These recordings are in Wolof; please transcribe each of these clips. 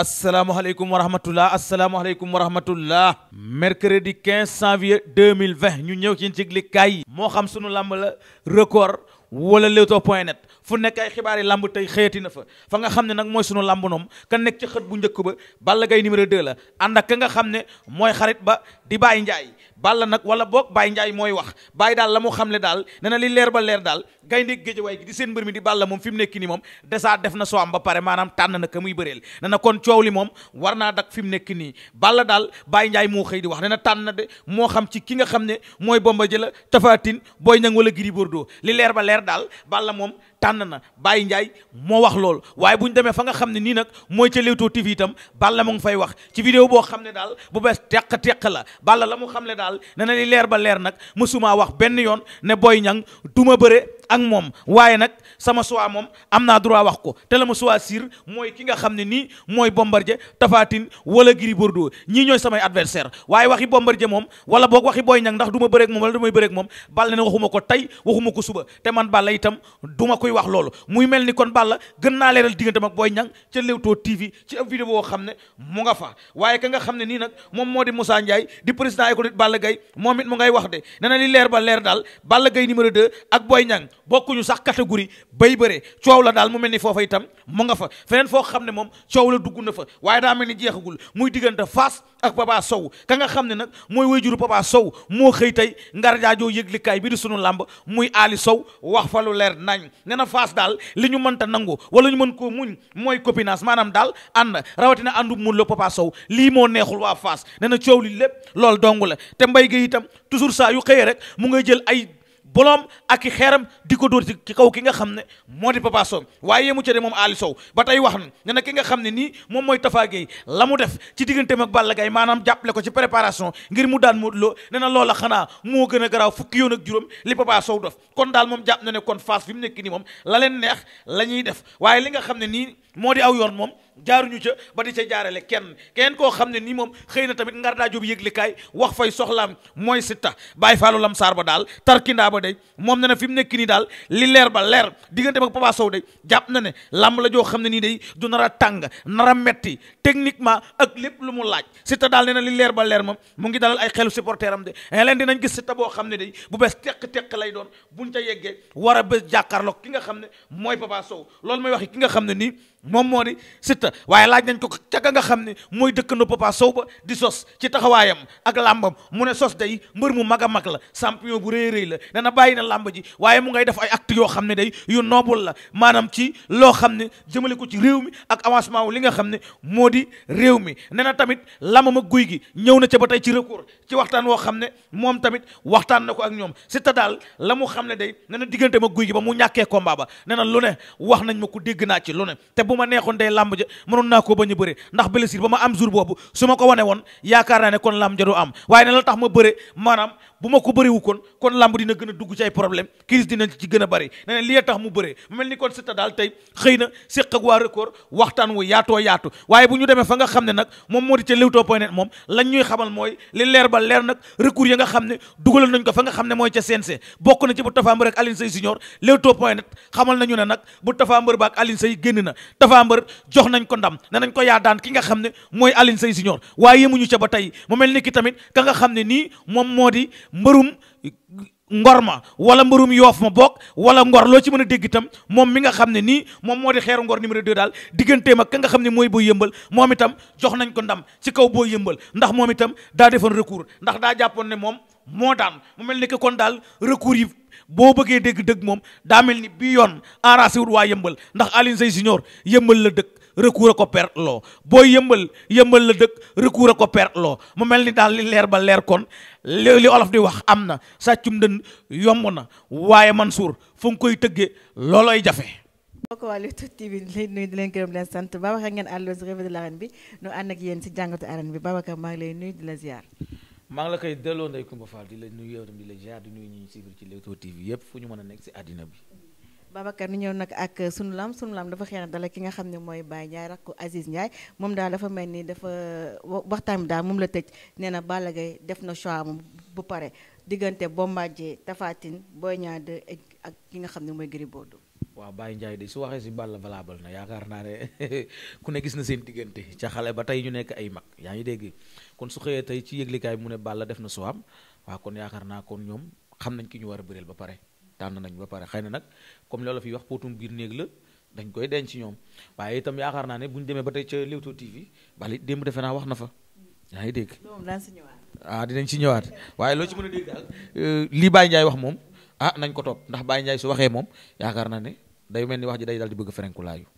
asalaamaaleykum wa rahmatullah asalaamaaleykum wa rahmatullah mercredi 15 janvier 2020 ñu ñëw ci yëglikaay yi moo xam sunu làmb la record wala leewtoo point net fu nekk ay xibaar yi làmb tey xëyati na fa fa nga xam ne nag mooy sunu làmb noom ka nekk ci xët bu njëkk ba Balla gay numéro 2 la ànd ak ka nga xam ne mooy xarit ba di bàyyi Ndiaye Balla nag wala boog Baye njaay mooy wax bàyyi daal la mu xamle daal nee na leer ba leer daal gaynde géejawaay gi mbër mi di Balla moom fi mu nekk nii moom desaa def na soo am ba pare maanaam tànn na ka muy bëreel na kon coow li moom war naa dak fi mu nekk nii Balla daal Baye moo xëy di wax nee na tànn na de moo xam ci ki nga xam ne mooy Bombardier la Tapha Tine Boy Niang wala Gris Bordeaux li leer ba leer daal Balla moom tànn na Baye Ndiaye moo wax loolu waaye bu ñu demee fa nga xam ne nii nag mooy ca Leewtoo TV itam Balla mu ngi fay wax ci vidéo boo xam ne daal bu bees teq-teq la Balla la mu xam ne daal ne leer ba leer nag mësuma wax benn yoon ne Boy Niang du ma bëre ak moom waaye nag sama choix moom am naa droit wax ko te la ma choisir mooy ki nga xam ne nii mooy Bombardier Tapha Tine wala Gris Bordeaux ñii ñooy samay adversaire waaye waxi Bombardier moom wala boog waxi Boy Niang ndax du ma bëre moom wala du may bëre moom Balla ne waxuma ko ko suba te man Balla itam duma koy wax loolu muy mel ni kon Balla gën naa leeral diggante mag Boy Niang ca Leewtoo TV ci ab vidéo boo xam ne mu nga fa waaye ka nga xam ne nii nag moom moo di Moussa Ndiaye di président école Balla gay moom it mu ngay wax de nee na li leer ba leer daal Balla Gaye numéro 2 ak Boy Niang bokkuñu sax catégorie bay bëre coow la daal mu mel ni foofa itam mu nga fa feneen foo xam ne moom coow la dugg na fa waaye daa mel ni jeexagul muy diggante fas ak Papa Sow ka nga xam ne nag mooy wayjuru Papa Sow moo xëy tey ngar jaajoo yëglikaay bi di sunu làmb muy Ali Sow wax fa lu leer nañ na faas daal li ñu mënta nangu wala ñu mën koo muñ mooy copinage maanaam daal ànd rawatina àndu mun la Papa Sow lii moo neexul waa faas nee na coow li lépp loolu dong la te mbay gi itam toujours saa yu xëyee rek mu ngay jël ay bolom ak i xeeram di ko dóor ci kaw ki nga xam ne moo di Papa Sow waaye yemu ca de moom Aly Sow ba tey wax na ne na ki nga xam ne nii moom mooy Tapha Gueye la mu def ci digganteem ak Balla Gaye maanaam jàppale ko ci préparation ngir mu daan Modou Lo ne na loola xanaa moo gën a garaaw fukki yoon ak juróom li Papa Sow dof kon daal moom jàpp na ne kon Fass fi mu nekk nii moom la leen neex la ñuy def waaye li nga xam ne nii moo di aw yoon moom jaaruñu ca ba di ca jaarale kenn kenn koo xam ne nii moom xëy na tamit ngar daa jóob yëglikaay wax fay soxlaam mooy Siteu bàyyi faalu lam saar ba daal tarkindaa ba day moom ne na fi mu nekk nii daal li leer ba leer diggante ak Papa Sow de jàpp na ne làmb la joo xam ne nii day du nar a tàng nar a metti techniquement ak lépp lu mu laaj Siteu daal nee na li leer ba leer moom mu ngi dalal ay xelu supporter am de eh, leen nañ gis Siteu boo xam ne day bu bees teq-teq lay doon buñ ca yeggee war a bés jàkkaarloo ki nga xam ne mooy Papa Sow loolu mooy wax ki nga xam ne nii moom moo di Siteu waaye laaj nañ ko ca ka nga xam ne mooy dëkk dëkkandoo Papa Sow ba di sos ci taxawaayam ak làmbam mu ne sos day mbër mu mag a mag la champion bu rëy rëy la dana bàyyi na làmb ji waaye mu ngay def ay actes yoo xam ne day yu noble la maanaam ci loo xam ne jëmale ko ci réew mi ak avancement wu li nga xam ne moo di réew mi nee na tamit làmbam ak guy gi ñëw na ca ba tey ci recours ci waxtaan woo xam ne moom tamit waxtaan na ko ak ñoom Siteu daal la mu xam ne day nee na diggante ma guy gi ba mu ñàkkee combat ba nee na lu ne wax nañ ma ko dégg naa ci lu bu ma neexoon day làmb ja mënoon naa koo bañ a bëre ndax blessure ba ma am jour boobu su ma ko wane woon yaakaar naa ne kon làmb ja am waaye ne la tax ma bëre maanaam bu ma ko bëriwu kon kon làmb dina gën a dugg ci ay problème crise dina ci gën a bëri ne ne li tax mu bëree mel ni kon Siteu daal tey xëy na séq ak waa record waxtaan wu yaatoo yaatu waaye bu ñu demee fa nga xam ne nag moom moo di ca Leewtoo point moom lañ ñuy xamal mooy li leer ba leer nag recours ya nga xam ne dugalal nañ ko fa nga xam ne mooy ca CNG bokk na bu Tapha Mbeur ak Alioune Seye Junior Leewtoo point nañu ne nag bu Tapha Mbeur ak Alioune Seye na Tapha Mbeur jox nañ ko ndam ne ko yaa daan ki nga xam ne mooy Alioune Sèye Junior waaye yemuñu ca ba tey mu mel ni tamit ka nga xam ne nii moom moo di mbërum ngor ma wala mbërum yoof ma bokk wala ngor loo ci mën a dégg itam moom mi nga xam ne moom moo di xeeru ngor numéro 2 daal digganteem ma ka nga xam ne mooy boo yëmbal moom itam jox nañ ko ndam ci kaw boo yëmbal ndax moom itam daa defoon recours ndax daa jàppoon ne moom moo daan mu mel ni que kon daal recours yi boo bëggee dégg dëgg moom daa mel ni bii yoon arrangé wul waa yëmbal ndax Alioune Seye Junior yëmbal la dëkk recours a ko per loo boo yëmbal yëmbal la dëkk rekuur a ko per loo mu mel ni daal li leer ba leer kon li li olof di wax am na sàccum dën yomb na waaye Mansour fu nga koy tëggee loolooy jafe boo ko waa Leewtoo TV di leen nuyu di leen gërëm leen sant Babacar ngeen àlloo si revue de l'arène bi nu ànd ak yéen si jàngatu arène bi Babacar maa ngi lay nuyu di la maa ngi la koy delloo Ndeye Coumba Fall di la nuyu yow di la jaar di nuyu ñuy suivre ci Leewtoo TV yëpp fu ñu mën a nekk si àddina bi. Babacar ñu ñëw nag ak sunu lam sunu lam dafa xëy na dala ki nga xam ne mooy Baye Ndiaye rakku Aziz Ndiaye moom daal dafa mel ni dafa waxtaan bi daal moom la tëj nee na Balla def na choix am bu pare diggante Bombardier Tapha Tine Boy Niang 2 ak ki nga xam ne mooy Gris Bordeaux waaw Baye Ndiaye de su waxee si Balla valable na yaakaar naa ne ku ne gis na seen diggante ca xale ba tey ñu nekk ay mag yaa ngi dégg kon su xëyee tey ci yëglikaay mu ne Balla def na suwaam waaw kon yaakaar naa kon ñoom xam nañ ki ñu war a bëreel ba pare nañ ba pare xëy na nag comme loolu la fi wax potum biir néeg la dañ koy denc ñoom waaye itam yaakaar naa ne bu ñu demee ba tey ca Leewtoo TV bali démb defe naa wax na fa yaa ngi dégg. ah dinañ ci ñëwaat waaye loo ci mën a dégg daal euh, lii Baye Ndiaye wax moom ah nañ ko topp ndax Baye Ndiaye su waxee moom yaakaar naa ne day mel ni wax ji day dal di bëgg ferenkulaayu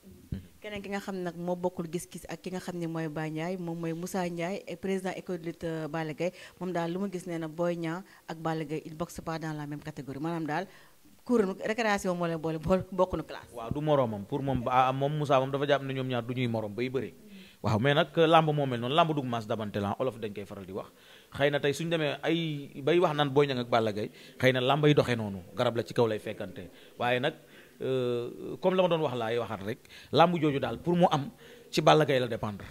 keneen ki nga xam nag moo bokkul gis-gis ak ki nga xam ne mooy Ba Ndiaye moom mooy Moussa Ndiaye président école de lutte Balla Gaye moom daal lu ma gis nee na Boy Niang ak Balla Gaye il boxe pas dans la même maanaam daal cour récréation moo leen boole boole bokkunu classe waaw du moroomam pour moom ba ah, ah, moom Moussa moom dafa jàpp ne ñoom ñaar du ñuy moroom bay bëri waaw mais nag euh, lamb moo mel noonu lamb dug maas dabante la olof dañ koy faral di wax xëy na tey suñu demee ay bay wax naan Boy Niang ak Balla Gaye xëy na lamb yi doxee noonu garab la ci kaw lay fekkante waaye nag Euh, comme la ma doon wax laay waxaat rek làmb jooju daal pour mu am ci Balla Gaye la dépendre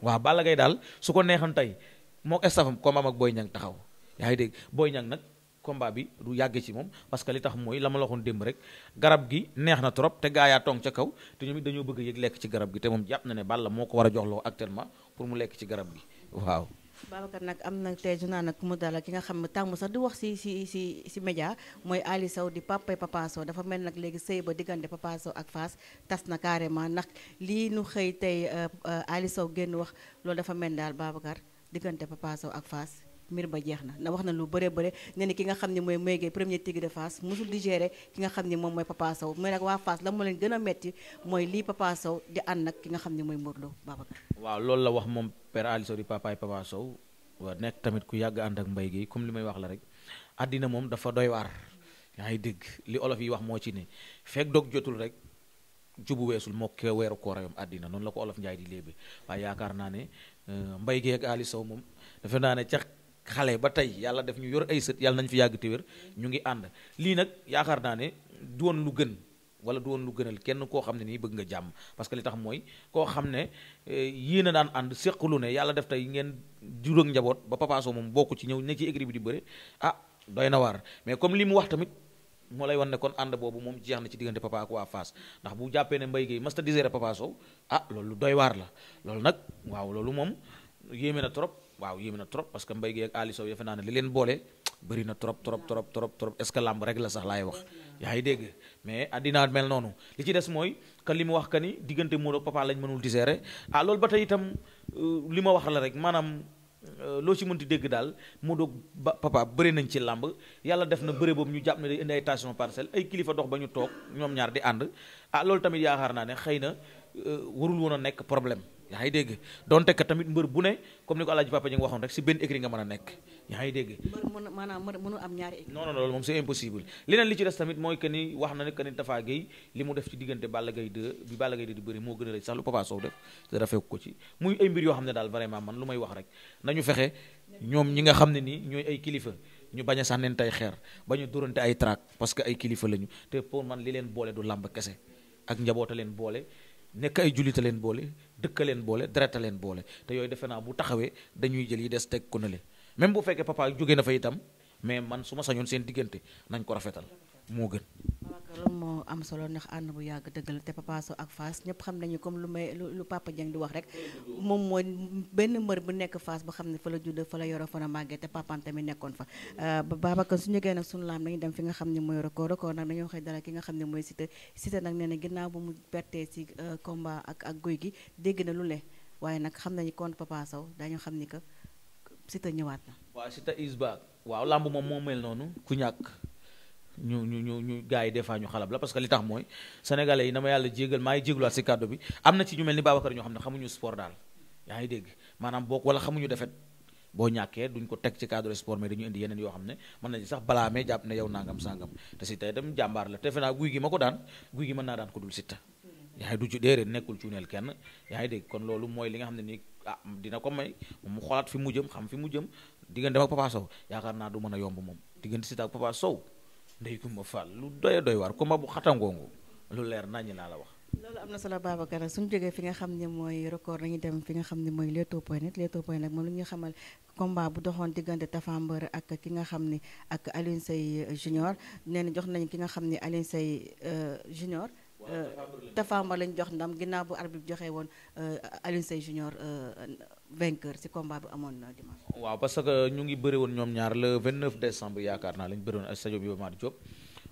waaw Balla Gaye daal su ko neexan tey mook estafam combat ak Boy Niang taxaw yaa ngi dégg booy Niang nag combat bi du yàgg ci moom parce que li tax mooy la ma la waxoon démb rek garab gi neex na torop te gaa yaa tong ca kaw te ñoom it dañoo bëgg yëg lekk ci garab gi te moom jàpp na ne Balla moo ko war a joxloo actuellement pour mu lekk ci garab gi waaw Babacar nag am na tey junaa nag mu dala ki nga xam ne tàmm sax di wax si si si si média mooy Ali Sow di papay Papa dafa mel nag léegi sëy ba diggante Papa Sow ak Fass tas na carrément ndax lii nu xëy tey euh, euh, Ali Sow génn wax loolu dafa mel daal Babacar diggante Papa Sow ak Fass mbir ba jeex na ndax wax na lu bëre bëre ne ni ki nga xam ne mooy Mbaye Gueye premier tigre de Fass musul di ki nga xam ne moom mooy Papa Sow mooy nag waa Fass a metti mooy lii Papa Sow di ànd ki nga xam ne mooy Modou Lo Babacar waaw loolu la wax moom père Ali Sow Papa Sow waa nekk tamit ku yàgg ànd ak Mbaye Gueye comme li may wax la rek àddina moom dafa doy waar yaa ngi dégg li olof yi wax moo ci ne fekk dog jotul rek jubu weesul moo ke weeru koorayom àddina noonu la ko olof Njaay di léebe waaye yaakaar naa ne euh, Mbaye Gueye ak Ali Sow moom dafa naa ne cax xale ba tey yàlla def ñu yor ay sët yàlla nañ fi yàgg te ñu ngi ànd lii nag yaakaar naa ne du woon lu gën wala du woon lu gënal kenn koo xam ne nii bëgg nga jàmm parce que li tax mooy koo xam ne eh, yéen a daan ànd séq lu ne yàlla def tey ngeen juróog njaboot ba Papa moom bokk ci ñëw ne ci écurie bi di bëre ah doy na waar mais comme li mu wax tamit moo lay wan ne kon ànd boobu moom jeex na ci diggante papa ak ndax bu jàppee ne Mbaye Guèye masta disére Papa Sow ah loolu doy waar la loolu nag waaw loolu moom yéeme na trop waaw yéeme na trop parce que Mbaye Guèye ak Aliou Sow defe naa ne li leen boole bëri na trop trop trop trop trop est ce que làmb rek la sax laay wax. yaa dégg mais addinaa mel noonu li ci des mooy que li mu wax que ni diggante Modou ak Papa lañ mënul di gérer ah loolu ba euh, li ma wax la rek maanaam. Euh, loo ci mënti dégg daal moo doog ba papa bëri nañ ci làmb yàlla def na bëre boobu ñu jàpp ne day indi ay parcelle ay kilifa dox ba ñu toog ñoom ñaar di ànd ah loolu tamit yaakaar naa ne xëy na euh, warul woon a nekk problème yaa ngi dégg donte que tamit mbër bu ne comme ni ko Alaaji Papa Dieng waxoon rek si benn écrit nga mën a nekk yaa ngi dégg. mbër maanaam am ñaari écrit. non non loolu moom si impossible leneen li ci des tamit mooy que ni wax na ne que ni Tafa Gueye li mu def ci diggante Balla Gaye 2 bi Balla Gaye 2 di bëri moo gën a rëy sax lu Papa Sow def te dara fekk ko ci muy ay mbir yoo xam ne daal vraiment man lu may wax rek na ñu fexe ñoom ñi nga xam ne nii ñooy ay kilifa ñu bañ a sànneen tey xeer bañ a durante ay traak parce que ay kilifa lañu te pour man li leen boole du làmb kese ak njaboota leen boole nekk ay jullit a leen boole dëkk a leen boole deret a leen boole te yooyu defe naa bu taxawee dañuy jël yi des teg ko nële même bu fekkee papa jóge na fa itam mais man su ma sañoon seen diggante nañ ko rafetal moo gën. loolu moo am solo ndax ànd bu yàgg dëgg la te Papa Sow ak Fass ñëpp xam nañu comme lu may lu Papa Dieng di wax rek moom mooy benn mbër bu nekk Fass ba xam ne fa la judd fa la yoro fa màggee te papaam ak euh, suñu laam dañu na ginnaaw euh, na lu ne waaye nag xam nañu contre ni que Siteu ñëwaat na waaw Siteu is back waaw làmb moom moo mel noonu ku ñàkk ñu ñu ñu ñu gars yi des fois ñu la parce que li mooy sénégalais na ma yàlla maa ngi jégluwaat si kàddu bi am na ci ñu ni Babacar ñoo xam ne xamuñu sport daal yaa ngi dégg maanaam boo wala xamuñu defet boo ñàkkee duñ ko teg ci cadre sport mais dañu indi yeneen yoo xam ne mën nañu sax balaa mee jàpp ne yow nangam sangam te si tey la defe naa guy gi ma ko daan guy gi mën naa daan ko dul sitta yaa ngi du ci déedéet nekkul cuuneel kenn yaa ngi dégg kon loolu mooy li xam ne nii ah dina ko may mu xoolaat fi mu jëm xam fi mu jëm diggante ak Papa yaakaar naa du mën a yomb moom diggante Siteu ak Papa Sow ndey Kumba Fall lu doy doy waar kuma bu xatangoongu lu leer nañu laa la wax. loolu am na solo Babacar suñu jegee fi nga xam ne mooy record dañuy dem fi nga xam ni mooy Leewtoo point net Leewtoo point net moom lu ñuy xamal combat bu doxoon diggante Tapha Mbeur ak ki nga xam ni ak Alioune say euh, junior nee na jox nañu ki nga xam ne Alioune say euh, junior. Euh, Tapha Mbeur lañ jox ndam ginnaaw bu arbitre bi joxee woon Alioune say junior. vainqueur ci combat na dimanche. waaw parce que ñu ngi bëri woon ñoom ñaar le 29 décembre yaakaar naa la ñu bëri woon stade bi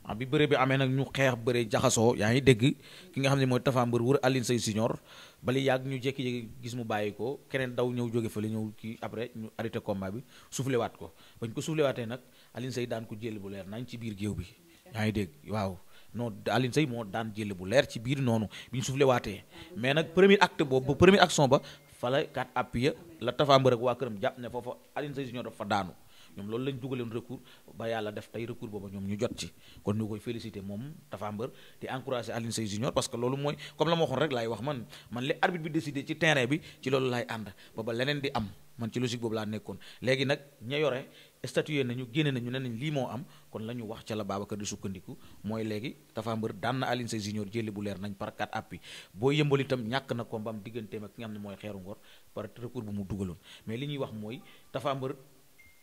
ah, bi bëre bi amee nag ñu xeex bëre jaxasoo yaa ngi dégg ki nga xam ne mooy Tapha Mbeur wër Alioune Seye Junior bali yàgg ñu jékki-jékki gis mu bàyyi ko keneen daw ñëw jóge fële ñëw kii après ñu arrêté combat bi soufflé waat ko bañ ko soufflé nag Alioune daan ko jël bu leer nañ ci biir géew bi yaa ngi dégg waaw non Alioune Seye moo daan jël bu leer ci biir noonu bi ñu waatee mais nag premier acte boobu premier action ba fa la quatre appuyer la Tapha Mbeur ak waa këram jàpp ne foofa Alioune Sèye Junior dafa daanu ñoom loolu lañ dugaloon recours ba yàlla def tey recours booba ñoom ñu jot ci kon ñu koy féliciter moom Tapha Mbeur di encourager Alioune Sèye Junior parce que loolu mooy comme la ma waxoon rek laay wax man man li arbitre bi décidé ci terrain bi ci loolu laay ànd ba ba leneen di am man ci logique boobu laa nekkoon léegi nag ña yore statué nañu génne nañu ne nañ lii moo am kon la ñu wax ca la Babacar di sukkandiku mooy léegi Tapha Mbeur daan na Alioune Sèye Junior jëli bu leer nañ par quatre appuis boo yëmbal itam ñàkk na ko am digganteem ak ki nga xam ne mooy xeeru ngor par recours bu mu dugaloon mais li ñuy wax mooy Tapha Mbeur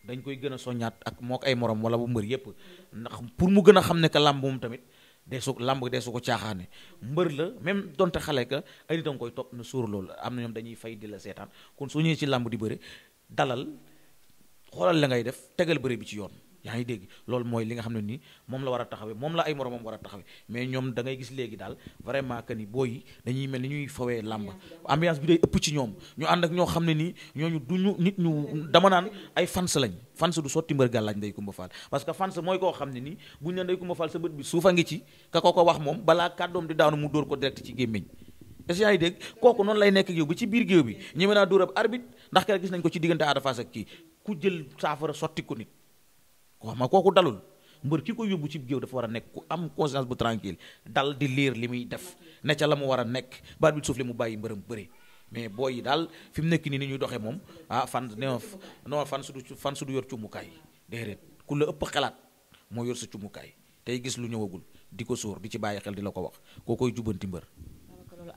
dañ koy gën a soññaat ak moo ay morom wala bu mbër yépp ndax pour mu gën a xam ne que làmb moom tamit dee su làmb dee su ko caaxaane mbër la même donte xale ka ay nit a koy topp na suur loolu am na ñoom dañuy fay di la seetaan kon soo ñëwee ci làmb di bëre dalal xoolal la ngay def tegal bëre bi ci yoon yaa ngi dégg loolu mooy li nga xam ne nii moom la war a taxawe moom la ay moromam war a taxawe mais ñoom da gis léegi daal vraiment que ni booy dañuy mel ni ñuy fawee làmb ambiance bi day ëpp ci ñoom ñu ànd ak ñoo xam ne nii ñooñu ñu nit ñu dama naan ay fans lañ fans du sotti mbër gàllaaj Ndeye Coumba Fall parce que fans mooy koo xam ne nii buñ ne Ndeye Coumba Fall sa bët bi suufa ngi ci ka ko ko wax moom balaa kàddoom di daanu mu dóor ko direct ci gémmiñ est-ce noonu lay nekk ak yow ci biir géew bi ñi mën ndax kere gis ko ci diggante Ada kii ku jël saafara sotti ko nit ko xam kooku dalul mbër ki ko yóbbu ci géew dafa war a nekk ku am conscience bu tranquille dal di liir li muy def ne ca la mu war a nekk baat bi suuf li mu bàyyi mbërëm bëri mais booy yi daal fi mu nekk nii ni ñuy doxee moom ah fan non non fan su du fan su du yor cumukaay déedéet ku la ëpp xalaat moo yor sa cumukaay tey gis lu ñëwagul di ko sóor di ci bàyyi xel di la ko wax koo koy jubbanti mbër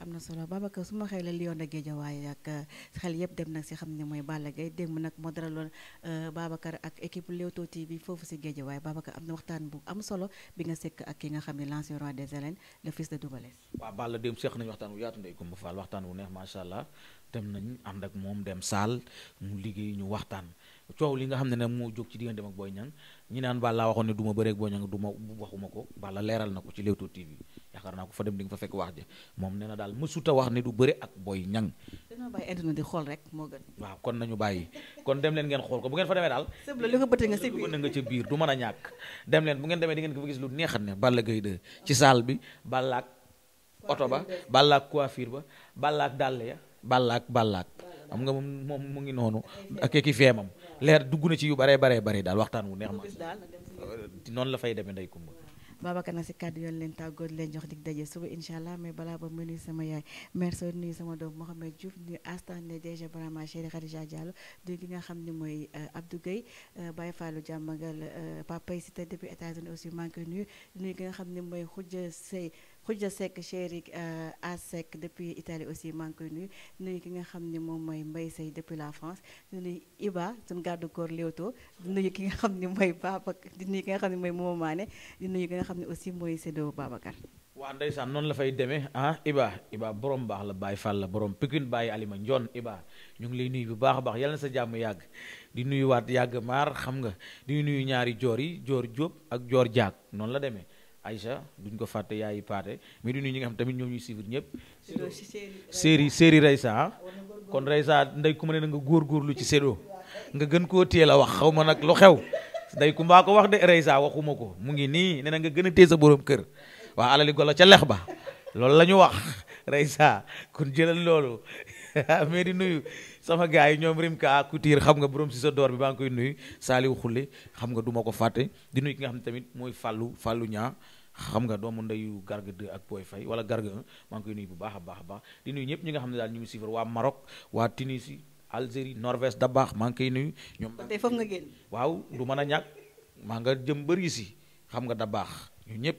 am na solo Babacar su ma xëyee Lion de waaye ak euh, xel yëpp dem nag si xam ne mooy Balla Gaye démb nag moo dalaloon euh, Babacar ak équipe Leewtoo TV foofu si waaye Babacar am na waxtaan bu am solo bi nga sekk ak ki nga xam ne l'ancien roi des arènes le fils de Doubalès. waaw Balla démb seq nañu waxtaan bu yaatu ndey Kumba Fall waxtaan bu neex macha allah dem nañ ànd ak moom dem Saal mu liggéey ñu waxtaan. coow li nga xam ne ne moo jóg ci diggante ak Boy Niang ñi naan Balla waxoon ne du ma bëreeg Boy Niang du ma waxuma ko Balla leeral na ko ci Leewtoo TV yaakaar naa ko fa dem di nga fa fekk wax ja moom nee na daal ak Boy Niang. dañoo bàyyi di xool rek moo gën. waaw kon nañu bàyyi kon dem leen ngeen xool ko bu ngeen fa demee daal. sëb la li ko bëtte nga ci biir na nga ca biir du mën a ñàkk. dem leen bu ngeen demee di ngeen ko fa gis lu neexat ne Balla Gaye 2 ci salle bi Balla ak oto ba Balla ak coiffure ba Balla ak dàll ya Balla ak Balla am nga moom moom mu ngi noonu ak ki feemam leer dugg na ci yu baree baree bari daal waxtaan wu neex ma euh, noonu la fay demee ndey kumba Babacar nag si kàddu yoon leen tàggoo di leen jox dig daje suba incha allah mais balaa ba mu nuyu sama yaay merci nuyu sama doom Mohamed Diouf nuyu astane DG Barama Chéri Khadija Diallo di gi nga xam ne mooy euh, Abdou Gueye euh, Baye Fallou jàmmagal Papa Sita depuis États-Unis aussi maa ngi koy nuyu ki nga xam ni mooy Khoudia Sey Khoudia Seck chéri à euh, Seck depuis Italie aussi maa ngi koy nuyu nuyu ki nga xam ne moom mooy Mbaye Seye depuis la France di nuyu Iba suñu gàddu koor Leewtoo di nuyu ki nga xam ne mooy Baba di nuyu ki nga xam ne mooy Momo Mané di nuyu ki nga xam ne aussi mooy Sedo Babacar. waa ndeysaan noonu la fay demee ah Iba ibaa borom baax la Baye Fall la borom Pikine bàyyi Alima Ndion Iba ñu ngi lay nuyu bu baax a baax yal na sa jàmm yàgg di nuyu waat yàgg maar xam nga di nuyu ñaari joor yi joor Jóob ak joor jaag noonu la demee. Aïcha duñ ko fàtte yaayi paate mais du ñu ñi nga xam tamit ñoom ñuy suivre ñëpp. séeri séeri Reysa ah. kon Reysa ndey ku ma nga góor góor lu ci séddo nga gën koo teel a wax xaw ma nag lu xew ndey ku ko wax de Reysa waxuma ko mu ngi nii nena nga gën a téye sa boroom kër waa alali golo ca lex ba loolu la ñu wax Reysa kon jëlal loolu mais di nuyu. sama gars yi ñoom Rimka Couture xam nga boroom si sa door bi maa ngi koy nuyu Saliou Khoule xam nga du ma ko fàtte di nuyu ki nga xam ne tamit mooy Fallou Fallou ñaa xam nga doomu ndeyu Garga 2 ak Boy Faye wala Garga 1 maa koy nuyu bu baax a baax a baax di nuyu ñëpp ñi nga xam ne daal ñu ngi suivre waa Maroc waa Tunisie Algérie Norvège da baax maa ngi koy nuyu ñoom tey nga génn waaw du mën a ñàkk maa nga jëm bëri si xam nga da baax ñu ñëpp.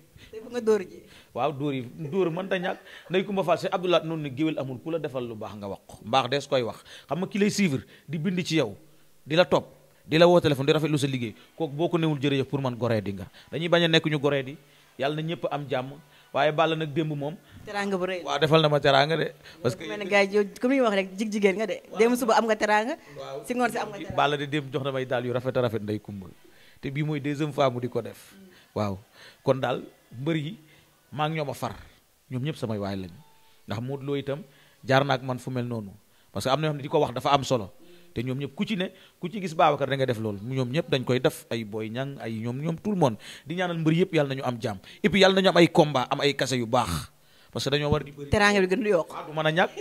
nga dóor ji. waaw dóor yi dóor mën ta ñàkk nday Kumba Fall si Abdoulaye noonu ne géwél amul ku la defal lu baax nga wax ko mbaax dees koy wax xam nga ki lay suivre di bind ci yow di la topp di la woo téléphone di rafetlu sa liggéey kooku boo ko newul jërëjëf pour man goree di nga dañuy bañ a nekk ñu goree di yàlla na ñëpp am jàmm waaye Balla nag démb moom. teraanga bu rëy waaw defal na ma teraanga de. parce que mel ni gars yi comme ñu wax rek jig jigéen nga de. démb suba am nga am nga teraanga Balla de démb jox na may daal yu rafet a rafet nday Kumba te bii mooy deuxième fois mu di ko def waaw kon daal mbër yi maa ngi ñoom a far ñoom ñëpp samay waay lañu ndax Modou loo itam jaar na ak man fu mel noonu parce que am na yoo xam ne di ko wax dafa am solo te ñoom ñëpp ku ci ne ku ci gis Babacar da nga def loolu ñoom ñëpp dañ koy def ay Boy Niang ay ñoom ñoom tout le monde di ñaanal mbër yëpp yàlla nañu am jàmm et puis yàlla nañu am ay combat am ay kase yu baax parce que dañoo war di bëri teraanga bi gën lu yokk du a ñàkk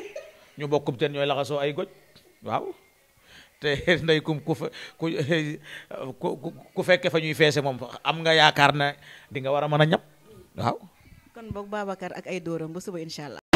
ñu bokkum ñooy laxasoo ay goj waaw te ndey kum ku ku fekke fa ñuy feese moom am nga yaakaar na di nga war a mën a ñam waaw. kon boog Babacar ak ay dóoram ba suba incha